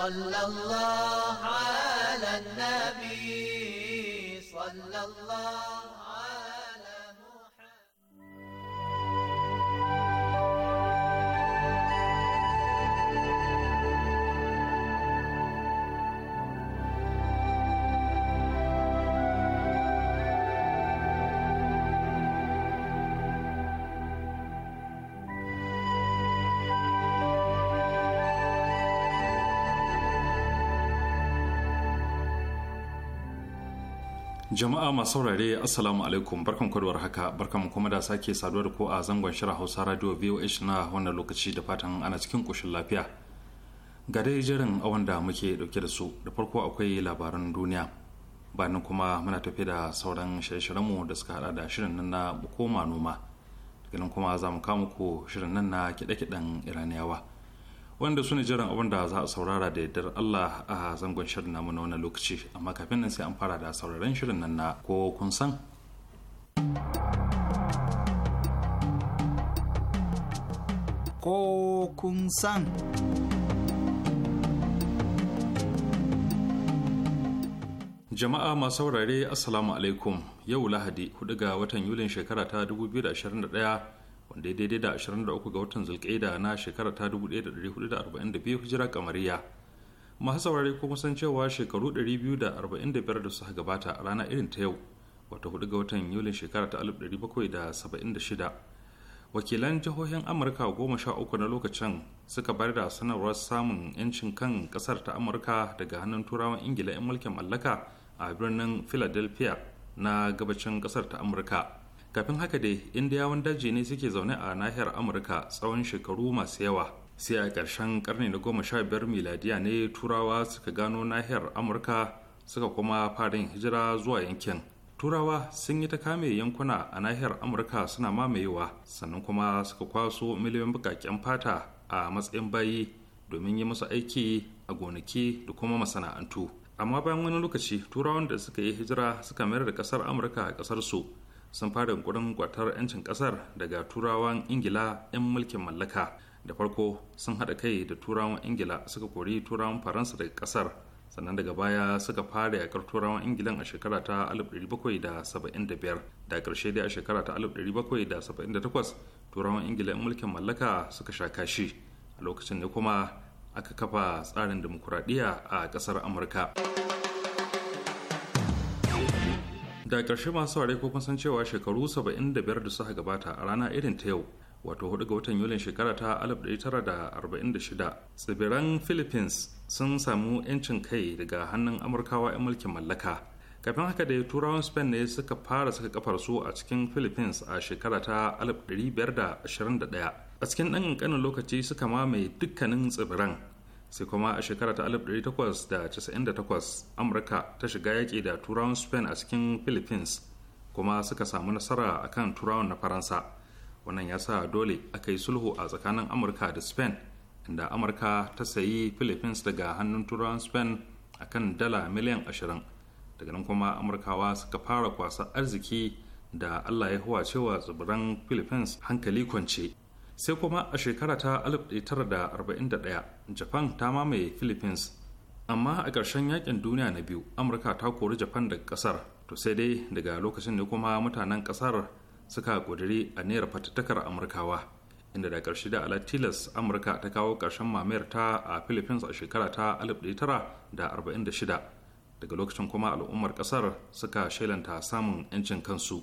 sallallahu jama'a masu saurare assalamu alaikum barkan kwadwar haka barkan kuma da sake saduwar ko a zangon shirin hausa radio voh na wannan lokaci da fatan ana cikin kushin lafiya ga dai jirin awon da muke dauke da su da farko akwai labaran duniya bayan kuma muna tafi da sauran shirye-shiryenmu da suka hada da shirin nan na bukoma noma ganin kuma za mu kama muku shirin nan na kiɗe-kiɗen iraniyawa wanda su ne jiran abin da za a saurara da yardar Allah a zangon shirin namu na wani lokaci amma kafin nan sai an fara da sauraron shirin nan na ko kun san ko kun san jama'a masu saurare assalamu alaikum yau lahadi 4 ga watan yulin shekara ta 2021 wanda ya daidai da 23 ga watan zulkaida na shekara ta 1442 hijira kamariya masu saurare kuma san cewa shekaru 245 da suka gabata a rana irin ta yau wata hudu ga watan yulin shekara ta 1776 wakilan jihohin amurka goma sha uku na lokacin suka bayar da sanarwar samun 'yancin kan kasar ta amurka daga hannun turawan ingila 'yan mulkin mallaka a birnin philadelphia na gabacin kasar ta amurka kafin haka dai indiyawan daji ne suke zaune a nahiyar amurka tsawon shekaru masu yawa sai a ƙarshen karni na goma sha biyar miladiya ne turawa suka gano nahiyar amurka suka kuma fara yin hijira zuwa yankin turawa sun yi ta kame yankuna a nahiyar amurka suna mamayewa sannan kuma suka kwaso miliyoyin bukaken fata a matsayin bayi domin yi musu aiki a gonaki da kuma masana'antu amma bayan wani lokaci turawan da suka yi hijira suka mayar da kasar amurka a kasar sun fara yunkurin kwatar 'yancin kasar daga turawan ingila 'yan mulkin mallaka da farko sun hada kai da turawan ingila suka kori turawan faransa daga kasar sannan daga baya suka fara yakar turawan ingilan a shekara ta 1775 da ƙarshe dai a shekara ta 1778 turawan ingila 'yan mulkin mallaka suka sha kashi a lokacin ne kuma aka kafa tsarin dimokuraɗiyya a kasar amurka. da ƙarshe masu ware ko kun san cewa shekaru 75 da suka gabata a rana irin ta yau wato hudu ga watan yulin shekara ta 1946 tsibiran philippines sun samu 'yancin kai daga hannun amurkawa 'yan mulkin mallaka kafin haka da turawan spain ne suka fara saka kafar su a cikin philippines a shekara ta 1521 a cikin ɗan ƙanƙanin lokaci suka mamaye dukkanin tsibiran sai kuma a shekara ta 1898 amurka ta shiga yaƙi da turawan spain a cikin philippines kuma suka samu nasara akan turawan na faransa wannan ya sa dole aka yi sulhu a tsakanin amurka da spain inda amurka ta sayi philippines daga hannun turawan spain akan dala miliyan 20 daga nan kuma amurkawa suka fara kwasa arziki da allah ya huwa cewa tsibiran philippines hankali kwance sai kuma a shekara ta 1941 japan ta mamaye philippines amma a ƙarshen yakin duniya na biyu amurka ta kori japan daga ƙasar to sai dai daga lokacin ne kuma mutanen ƙasar suka ƙudiri a naira fatattakar amurkawa inda da ƙarshe da alatilas amurka ta kawo ƙarshen mamayar ta a philippines a shekara ta 1946 daga lokacin kuma al'ummar ƙasar suka shailanta samun 'yancin kansu.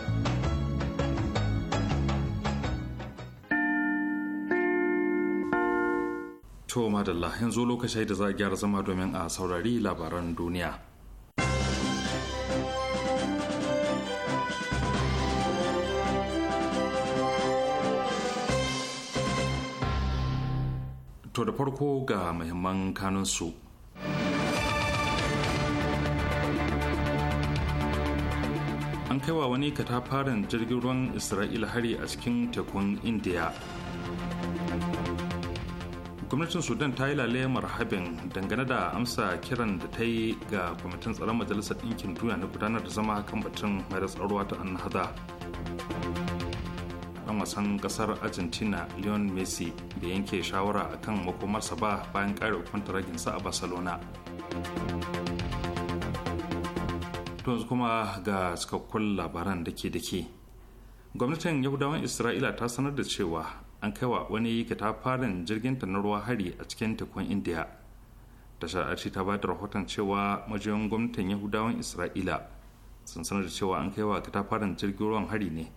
To madalla yanzu lokacin da za a gyara zama domin a saurari labaran duniya. To da farko ga muhimman kanunsu. An kaiwa wani katafaren jirgin ruwan Isra'ila hari a cikin tekun Indiya. gwamnatin sudan ta yi lale marhabin dangane da amsa kiran da ta yi ga kwamitin tsaron majalisar ɗinkin duniya na gudanar da zama kan batun mai tsaruwa ta hada. dan wasan kasar argentina leon messi da yanke shawara a kan makomarsa ba bayan kare sa a barcelona yanzu kuma ga cikakkun labaran da ke da ke gwamnatin yahudawan isra'ila ta sanar da cewa an kaiwa wani katafaren jirgin ta na ruwa hari a cikin tekun indiya tashar sha'arci ta ba da rahoton cewa majiyoyin gwamnatin yahudawan isra'ila sun sanar da cewa an kaiwa katafaren jirgin ruwan hari ne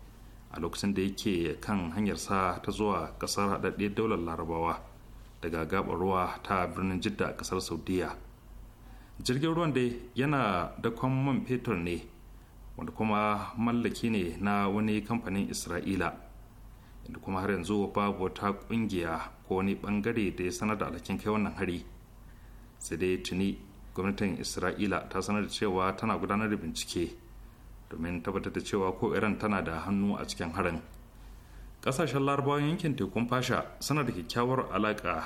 a lokacin da yake kan hanyarsa ta zuwa kasar haɗaɗɗiyar daular larabawa daga gabar ruwa ta birnin jidda kasar saudiya jirgin ruwan dai yana dakon man fetur ne wanda kuma mallaki ne na wani kamfanin isra'ila inda kuma har yanzu babu wata kungiya ko wani bangare da ya sanar da alhakin kai wannan hari sai dai tuni gwamnatin isra'ila ta sanar da cewa tana gudanar da bincike domin tabbatar da cewa ko iran tana da hannu a cikin harin kasashen larabawan yankin tekun fasha suna da kyakkyawar alaƙa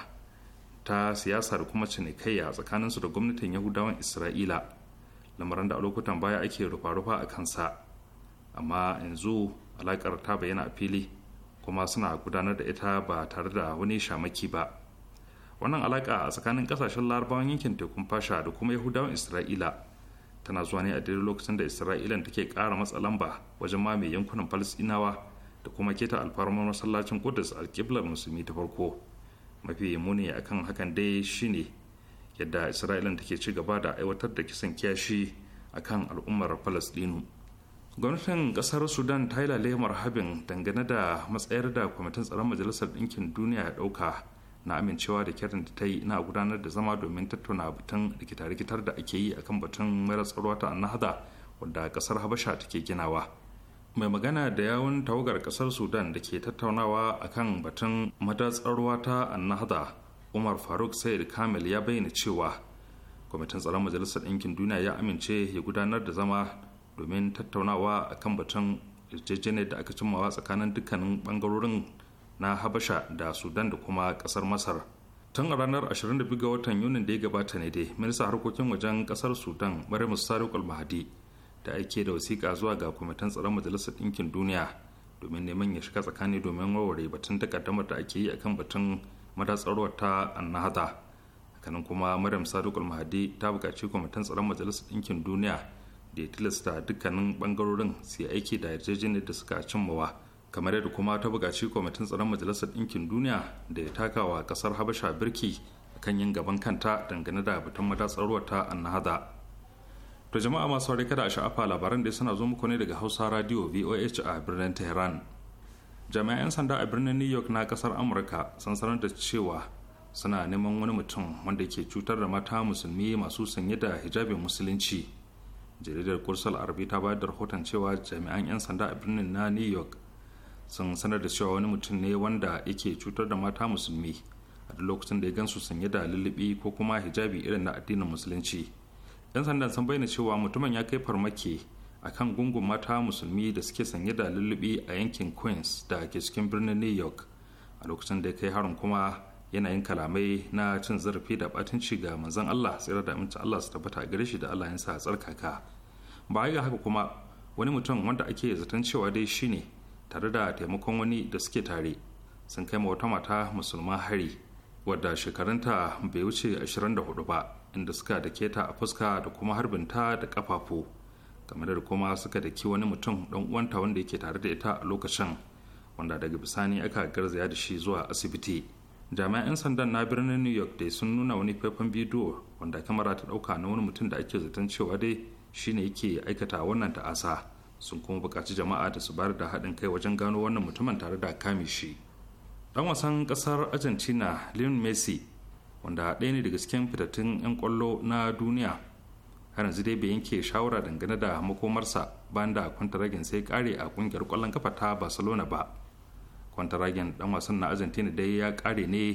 ta siyasa da kuma cinikayya tsakaninsu da gwamnatin yahudawan isra'ila lamarin da a lokutan baya ake rufa-rufa a kansa amma yanzu alaƙar ta bayyana a fili kuma suna gudanar da ita ba tare da wani shamaki ba wannan alaka a tsakanin kasashen larabawan yankin tekun fasha da kuma yahudawan isra'ila tana zuwa ne a daidai lokacin da isra'ila take kara matsa lamba wajen mame yankunan falastinawa da kuma keta alfarmar masallacin kudus alkiblar musulmi ta farko mafi muni a kan hakan dai shine yadda isra'ila take ci gaba da aiwatar da kisan kiyashi kan al'ummar falastinu gwamnatin kasar sudan ta yi lalemar habin dangane da matsayar da kwamitin tsaron majalisar ɗinkin duniya ya ɗauka na amincewa da kiran da ta yi na gudanar da zama domin tattauna batun rikita-rikitar da ake yi akan batun mara tsaro ta annahda wadda kasar habasha take ginawa mai magana da yawun tawagar kasar sudan da ke tattaunawa akan batun madatsarwa ta annahda umar faruk said kamil ya bayyana cewa kwamitin tsaron majalisar ɗinkin duniya ya amince ya gudanar da zama domin tattaunawa a kan batun yarjejeniyar da aka cimmawa tsakanin dukkanin bangarorin na habasha da sudan da kuma kasar masar tun a ranar 22 ga watan yunin da ya gabata ne dai minista harkokin wajen kasar sudan maryam sariq al da ake da wasiƙa zuwa ga kwamitin tsaron majalisar ɗinkin duniya domin neman ya shiga tsakani domin warware batun takaddamar da ake yi a kan batun madatsarwar ta annahata hakanan kuma maryam sadiq al ta buƙaci kwamitin tsaron majalisar ɗinkin duniya da ya tilasta dukkanin bangarorin su yi aiki da yarjejeniyar da suka cimmawa kamar yadda kuma ta bugaci kwamitin tsaron majalisar ɗinkin duniya da ya taka wa ƙasar habasha birki kan yin gaban kanta dangane da batun matatsar ruwa ta annahada to jama'a masu kada a sha'afa labaran da suna zo muku ne daga hausa radio voh a birnin tehran jami'an sanda a birnin new york na kasar amurka sun sanar da cewa suna neman wani mutum wanda ke cutar da mata musulmi masu sanye da hijabin musulunci jaridar kursal arabi ta bayar da rahoton cewa jami'an 'yan sanda a birnin na new york sun sanar da cewa wani mutum ne wanda yake cutar da mata musulmi a duk lokacin da ya gansu sanye da lullubi ko kuma hijabi irin na addinin musulunci 'yan sanda sun bayyana cewa mutumin ya kai farmaki a kan gungun mata musulmi da suke sanye da lullubi a yankin queens da ke cikin birnin new york a lokacin da ya kai harin kuma yanayin kalamai na cin zarafi da batunci ga manzon Allah tsira da aminta Allah su tabbata gare shi da Allah yansa a tsarkaka ba ga haka kuma wani mutum wanda ake zaton cewa dai shine tare da taimakon wani da suke tare sun kai wata mata musulma hari wadda shekarunta bai wuce 24 ba inda suka da ta a fuska da kuma harbinta da kafafu kamar da kuma suka daki wani mutum dan uwanta wanda yake tare da ita a lokacin wanda daga bisani aka garzaya da shi zuwa asibiti jami'an 'yan sandan na birnin new york dai sun nuna wani faifan bidiyo wanda kamera ta dauka na wani mutum da ake zaton cewa dai shine yake aikata wannan ta'asa sun kuma bukaci jama'a da su bayar da haɗin kai wajen gano wannan mutumin tare da kame shi dan wasan ƙasar argentina lion messi wanda ɗaya ne daga cikin fitattun 'yan kwallo na duniya har yanzu dai bai yanke shawara dangane da makomarsa bayan da kwantaragin sai kare a ƙungiyar kwallon kafa ta barcelona ba kwantaragen dan wasan na argentina dai ya kare ne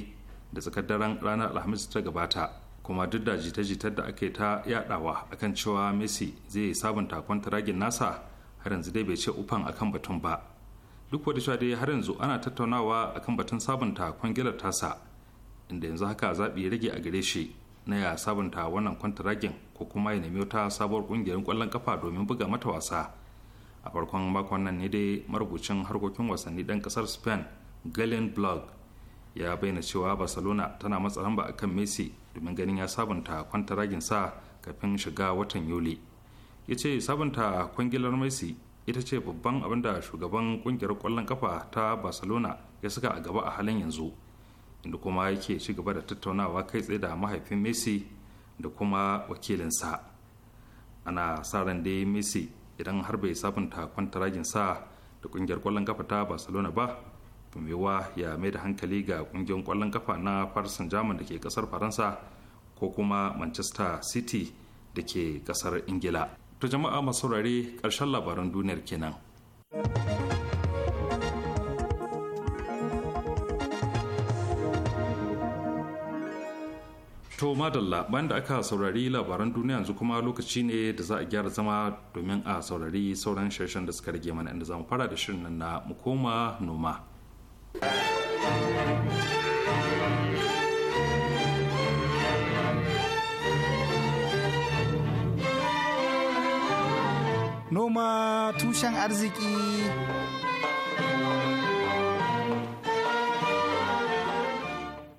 da tsakar daren ranar alhamis ta gabata kuma duk da jita-jitar da ake ta yadawa akan cewa messi zai sabunta kwantaragen nasa har yanzu dai bai ce ufan akan batun ba duk wani cewa dai har yanzu ana tattaunawa akan batun sabunta kwangilar tasa inda yanzu haka zaɓi rage a gare shi na ya sabunta wannan kwantaragen ko kuma ya nemi wata sabuwar ƙungiyar ƙwallon kafa domin buga mata wasa a farkon makon nan ne dai marubucin harkokin wasanni ɗan ƙasar spain galen blog ya bayyana cewa barcelona tana matsa lamba a kan messi domin ganin ya sabunta kwantaragin sa kafin shiga watan yuli ya ce sabunta kwangilar messi ita ce babban abin da shugaban kungiyar kwallon kafa ta barcelona ya saka a gaba a halin yanzu inda kuma yake ci gaba da tattaunawa kai tsaye da mahaifin messi da kuma wakilinsa ana sa ran dai messi idan har bai sabunta kwantaragin sa da kungiyar kwallon kafa ta barcelona ba bumewa ya mai da hankali ga kungiyar kwallon kafa na farsan german da ke kasar faransa ko kuma manchester city da ke kasar ingila ta jama'a masu saurare karshen labaran duniyar kenan. To madalla bayan da aka saurari labaran duniya yanzu kuma lokaci ne da za a gyara zama domin a saurari sauran shirshen da suka rage mana inda za mu fara da shirin nan na mu koma noma. Noma tushen arziki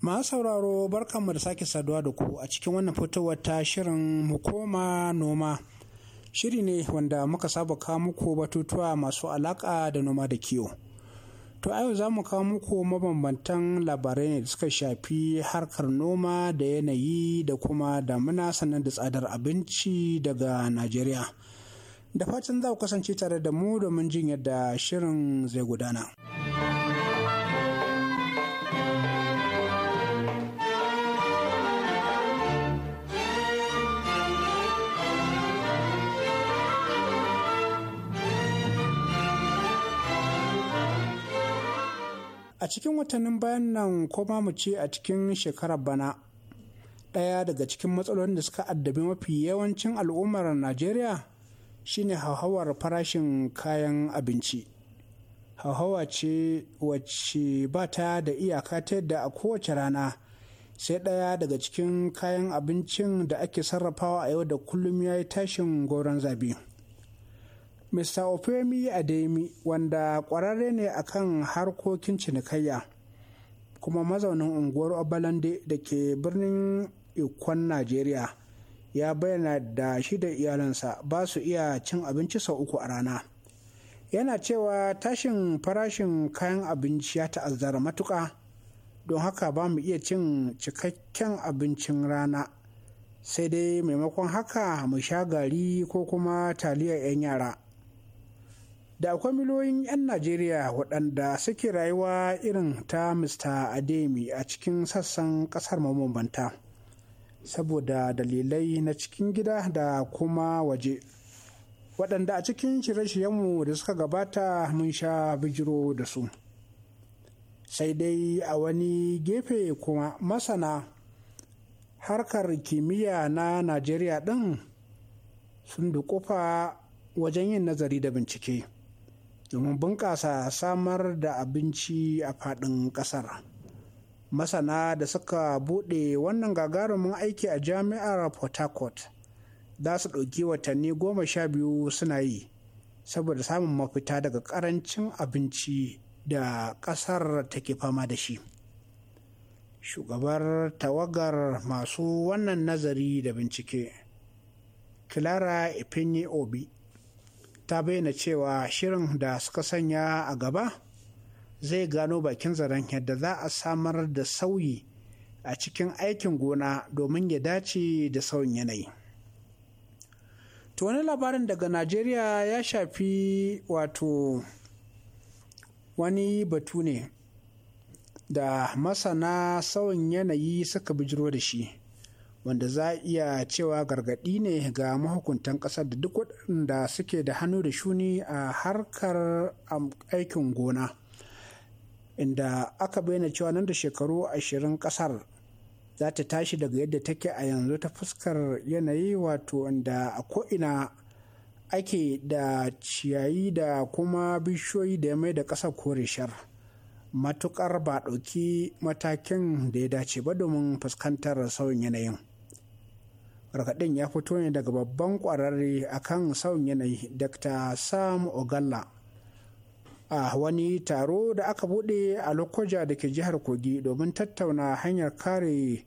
Ma sauraro barkanmu da sake saduwa da ku a cikin wannan fitowar ta shirin koma noma. Shiri ne wanda muka saba kawo muku batutuwa masu alaƙa da noma da kiwo. To a yau za mu kawo muku mabambantan labarai ne da suka shafi harkar noma da yanayi da kuma damuna sannan da tsadar abinci daga Najeriya. Da fatan za ku kasance tare da mu domin jin yadda shirin zai gudana. a cikin watannin bayan nan ko ma mu ce a cikin shekarar bana ɗaya daga cikin matsalolin da suka addabi mafi yawancin al'ummar najeriya shine hauhawar farashin kayan abinci hauhawa ce wacce ba ta da iyaka ta yadda a kowace rana sai ɗaya daga cikin kayan abincin da ake sarrafawa a yau da kullum ya yi tashin goron zabi. mr ofemi ademi wanda kwararre ne akan harkokin cinikayya kuma mazaunin unguwar obalande da ke birnin ikon najeriya ya bayyana da shi da iyalansa ba su iya cin abinci sau uku a rana yana cewa tashin farashin kayan abinci ya ta'azzara matuƙa don haka ba mu iya cin cikakken abincin rana sai dai maimakon haka mu sha gari ko kuma taliyar 'yan yara da akwai miliyoyin 'yan najeriya waɗanda suke rayuwa irin ta mr ademi a cikin sassan ƙasar mabambanta saboda dalilai na cikin gida da kuma waje waɗanda a cikin shirye-shiryenmu da suka gabata mun sha bijiro da su sai dai a wani gefe kuma masana harkar kimiyya na najeriya ɗin sun dukufa wajen yin nazari da bincike. domin bunƙasa samar da abinci a faɗin ƙasar masana da suka buɗe wannan gagarumin aiki a jami'ar port harcourt za su ɗauki watanni goma sha biyu suna yi saboda samun mafita daga ƙarancin abinci da ƙasar take fama da shi shugabar tawagar masu wannan nazari da bincike clara epinye obi ta bayyana cewa shirin da suka sanya a gaba zai gano bakin zaren yadda za a samar da sauyi a cikin aikin gona domin ya dace da sauyin yanayi. To wani labarin daga Najeriya ya shafi wato wani batu ne da masana sauyin yanayi suka bijiro da shi. wanda za a iya cewa gargaɗi ne ga mahukuntan ƙasar da duk waɗanda suke da hannu da shuni a harkar aikin gona inda aka bayyana cewa nan da shekaru ashirin ƙasar za ta tashi daga yadda take a yanzu ta fuskar yanayi wato inda a ko'ina ake da ciyayi da kuma bishiyoyi da ya mai da ƙasa kore shar matukar ba ɗauki matakin da ya dace ba domin fuskantar sauyin yanayin. Rakaɗin ya fito ne daga babban ƙwararre akan sauyin yanayi dr sam ogalla a wani taro da aka buɗe a lokoja da ke jihar kogi domin tattauna hanyar kare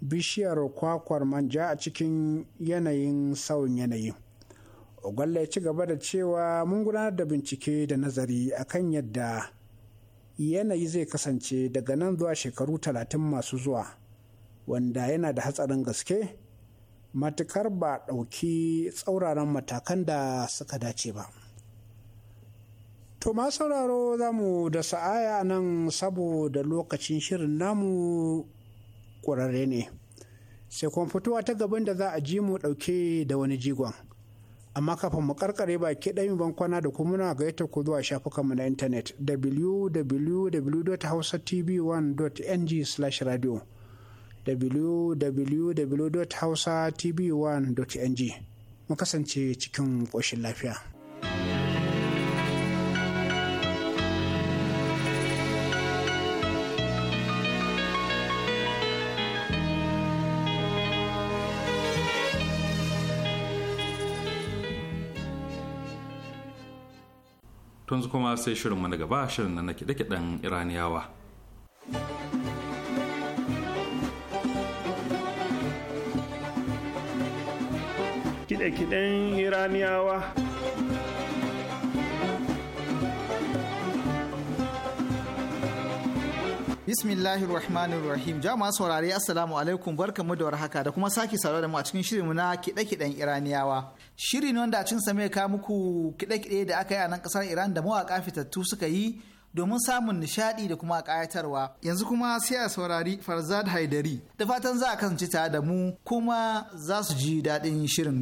bishiyar kwakwar manja a cikin yanayin sauyin yanayi ogalla ya ci gaba da cewa mun gudanar da bincike da nazari akan yadda yanayi zai kasance daga nan zuwa shekaru talatin masu zuwa wanda yana da hatsarin gaske matukar ba ɗauki tsauraran matakan da suka dace ba. To ma sauraro za mu da sa'aya nan saboda lokacin shirin namu ƙurare ne. Sai kuma fitowa ta gaban da za a ji mu ɗauke da wani jigon. Amma kafin mu karkare baki ɗayin bankwana da kuma na gaita ku zuwa shafukanmu na intanet www.hausatv1.ng/radio. www.hausatv1.ng mu kasance cikin ƙoshin lafiya. tun kuma sai shirinmu na gaba shirin na kiɗe-kiɗen iraniyawa kiɗe-kiɗen iraniyawa bismillahir rahmanir rahim jama saurare assalamu alaikum mu da warhaka da kuma sake saurare da mu a cikin shirinmu na kiɗe-kiɗen iraniyawa Shirin ne wanda a cikin same ka muku kiɗe-kiɗe da aka yi a nan kasar iran da mawaka fitattu suka yi domin samun nishaɗi da kuma ƙayatarwa yanzu kuma sai a saurari farzad haidari da fatan za a kasance tare da mu kuma za su ji daɗin shirin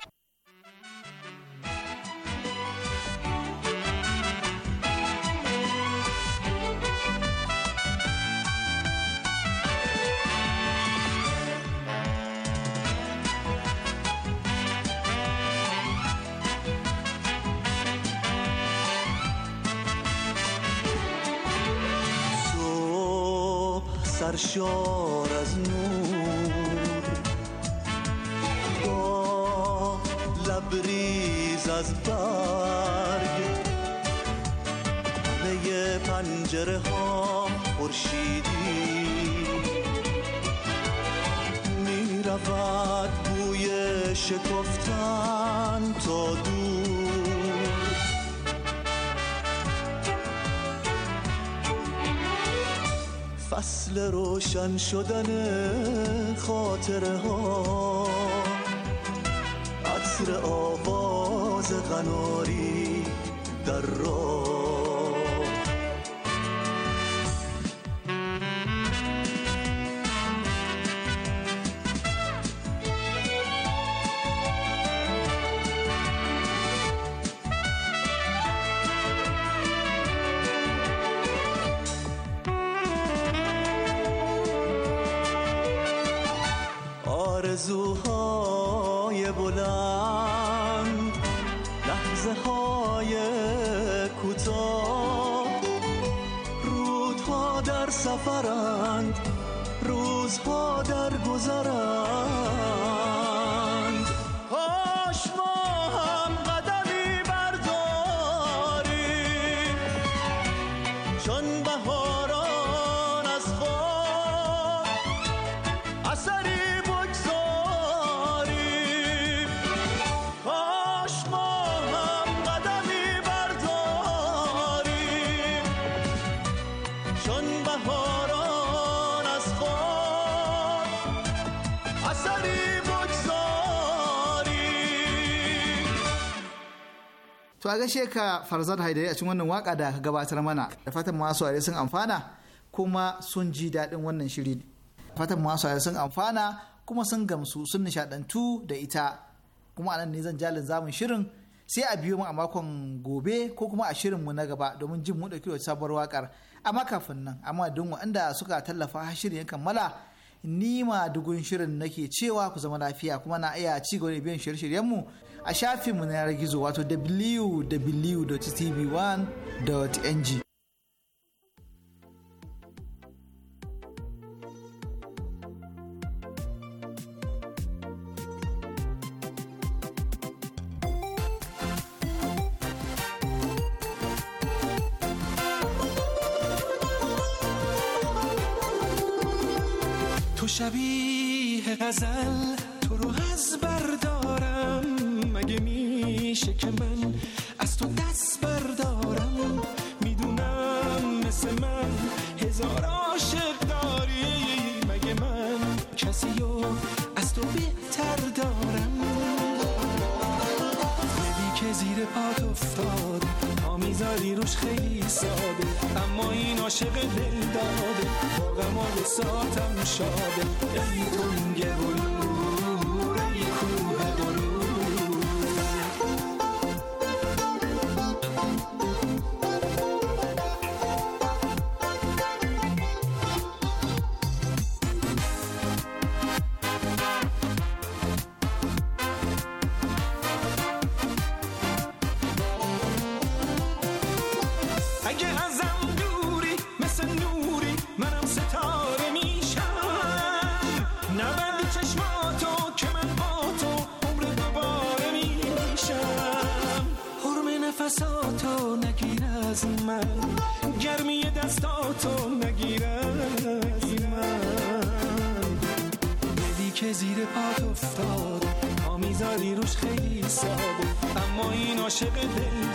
سرشار از نور با لبریز از برگ همه پنجره ها پرشیدی می رود بوی شکفتن تا دو. اصل روشن شدن خاطره ها عطر آواز قناری در راه to a gaishe ka farzad haidari a cikin wannan waka da ka gabatar mana da fatan masu aure sun amfana kuma sun ji daɗin wannan shiri fatan masu aure sun amfana kuma sun gamsu sun nishadantu da ita kuma anan ne zan jalin zamun shirin sai a biyo mu a makon gobe ko kuma a shirin mu na gaba domin jin mu dauki sabuwar wakar amma kafin nan amma don waɗanda suka tallafa shirin ya kammala ni ma dugun shirin nake cewa ku zama lafiya kuma na iya cigaba da biyan shirye-shiryen mu a shafinmu na yanar gizo wato www.tv1.ng تو شبیه غزل عاشق دل داده باقم غمال ساتم شاده ای این گل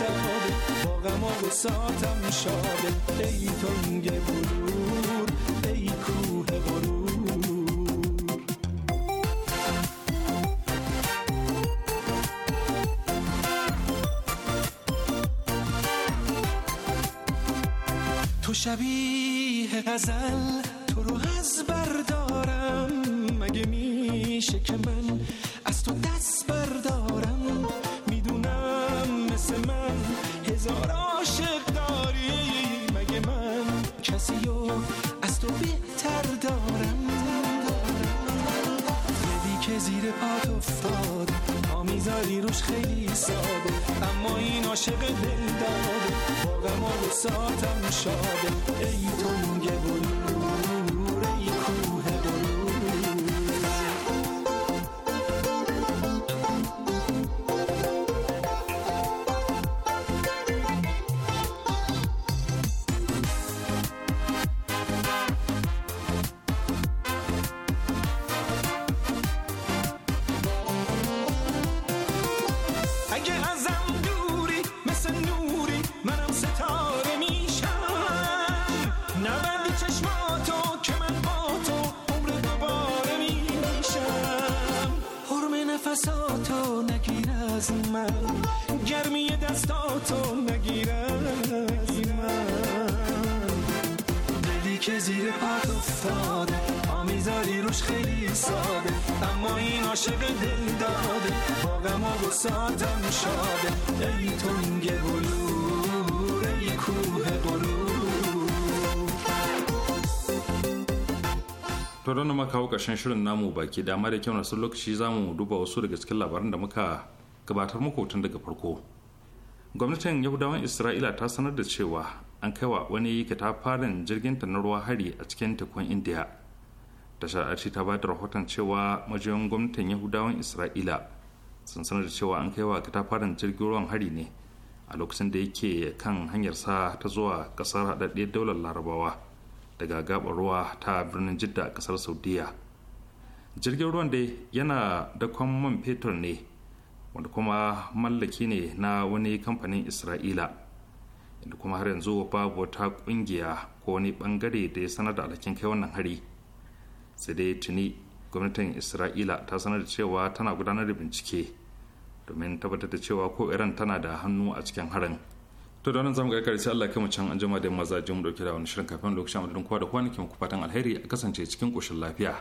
داده با غم و ساتم شاده ای تنگ برور ای کوه برور تو شبیه غزل تو رو از بردارم مگه میشه که من خیلی ساده اما این عاشق دل داده با غم و وساتم شاده ای تو گل سادم شاده ای تنگ بلور ای کوه بلور to don muka kawo ƙarshen shirin namu baki dama da kyau na sun lokaci za mu duba wasu daga cikin labaran da muka gabatar muku tun daga farko gwamnatin yahudawan isra'ila ta sanar da cewa an kai wa wani katafaren jirgin ta na ruwa hari a cikin tekun indiya tashar ta ba da rahoton cewa majiyoyin gwamnatin yahudawan isra'ila sun sanar da cewa an kai wa katafaren jirgin ruwan hari ne a lokacin da yake kan hanyarsa ta zuwa kasar haɗaɗɗiyar daular larabawa daga gabar ruwa ta birnin jidda a kasar saudiya jirgin ruwan dai yana dakon man fetur ne wanda kuma mallaki ne na wani kamfanin isra'ila inda kuma har yanzu babu wata kungiya ko wani bangare da ya sanar da alhakin kai wannan hari sai dai tuni gwamnatin isra'ila ta sanar da cewa tana gudanar da bincike domin tabbatar da cewa ko iran tana da hannu a cikin harin to da wannan zamu ga sai Allah kai mu can anjima da maza mu dauke da wani shirin kafin lokacin amadadin kowa da kwanakin ku fatan alheri a kasance cikin koshin lafiya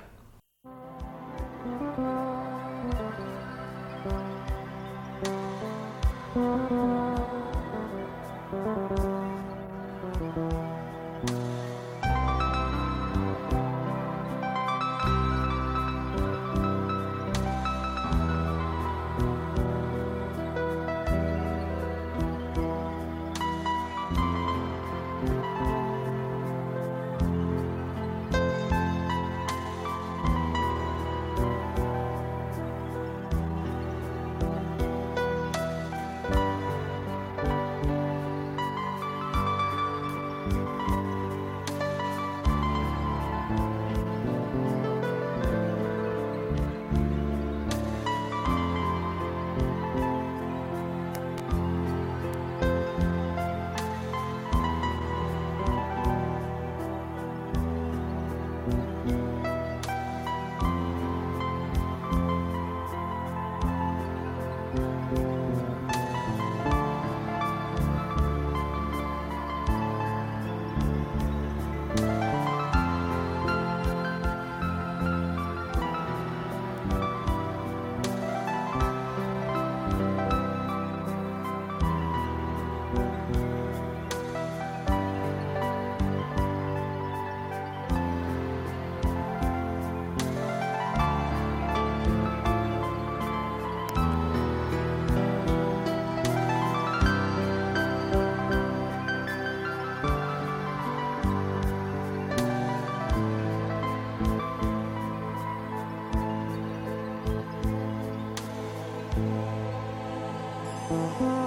Mm-hmm.